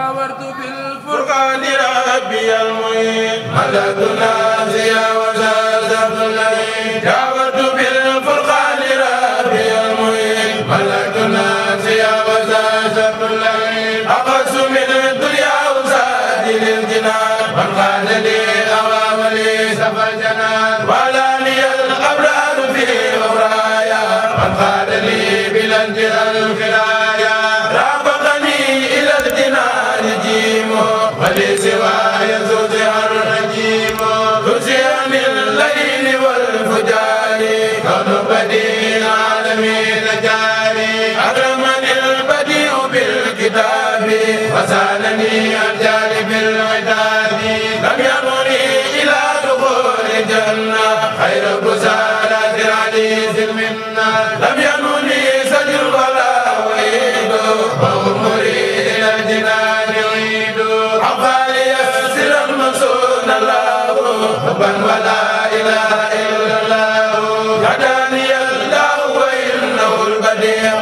عبرت بالفرقان ربي المعين مدد نازي وزاد الليل عبرت بالفرقان ربي المعين مدد نازي وزاد الليل أقص من الدنيا وزادي للجنان من قال لي أمام لي سفى الجنان ولاني الأبرار في أبرايا من قال لي بلنجي الخلال بديع العالمين جاري أكرمني البديع بالكتاب وسالني الجاري بالعتاب لم يرني إلى دخول الجنة خير بسالة العزيز منا لم يرني سجل ولا وعيد وأمري إلى الجنان عيد عفاري يسر المنصور الله حبا ولا إله إلا الله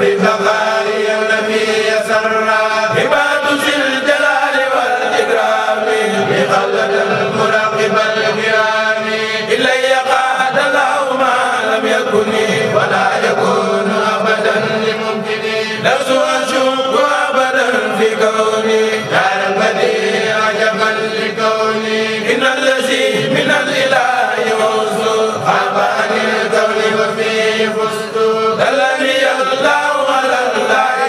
وبفخار النبي يسرى عباد ذي الجلال والإكرام بخلد المراقب الكرام إلي قاد الله ما لم يكن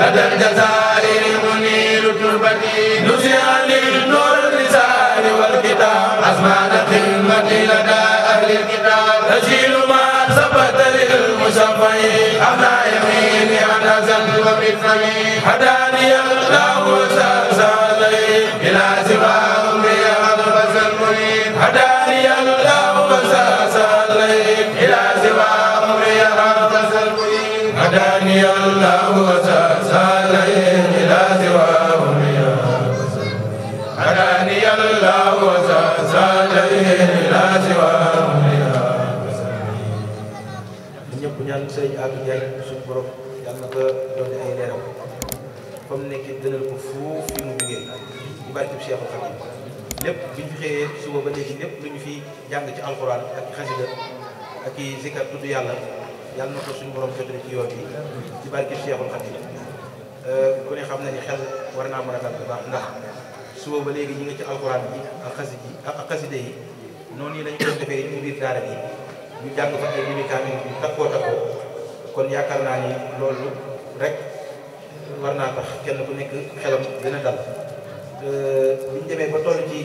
غدا الجزائر منير تربتي نزع للنور الرسال والكتاب أزمان خدمة لدى أهل الكتاب تجيل ما ثبت للمشفعين على يميني على زلم بالنبي هداني الله وسعى عليه إلى سواه هداني الله وزادني إلى سواه هداني الله وزادني إلى سواه ñëpp ñaan sëñ ak jaay suñu borom yàlla na ko doon ay leeram comme nekkee dënal ko fuuf fi mu jugee bu barkib Cheikh Khadim lépp bi ñu xëyee suba ba léegi lépp lu ñu fi jàng ci alxuraan ak xasida ak i zikar tudd yàlla yàlla na suñu borom jotali ci yoon bi ci barke Cheikhul Khadim euh, ku ne xam na ni war naa mën a baax ndax suba ba léegi ñi ci alxuraan bi ak xasida yi ak yi lañ ko defee ñu bi ñu jàng fa ay kon yaakaar naa ni loolu rek war naa tax kenn ku nekk xelam gën a dal euh, buñ demee ba toll ci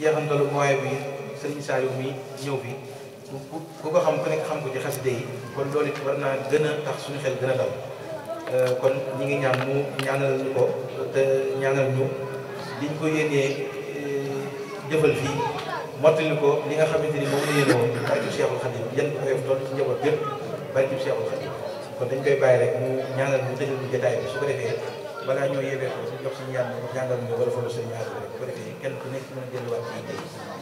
jeexantalu mooy bi sëriñ Saliou mi ñëw fi ku ku ko xam ku nekk xam ko ci xaside yi kon loolu it war naa gën a tax suñu xel gën a dal euh, kon ñi ngi ñaan mu ñaanal ñu ko te ñaanal ñu ko yéenee jëfal euh, fii mottali ko li nga xamante ni moom la yéene woon barkib Cheikhul Khadim yan ko koyof kon dañ koy bàyyi rek mu ñaanal ñu tëjal ñu bi su ko defee balaa ñoo yebee ko jox suñu yàlla jàngal ñu wala fa la suñu ñaar ko defee kenn ku nekk mën a delluwaat ci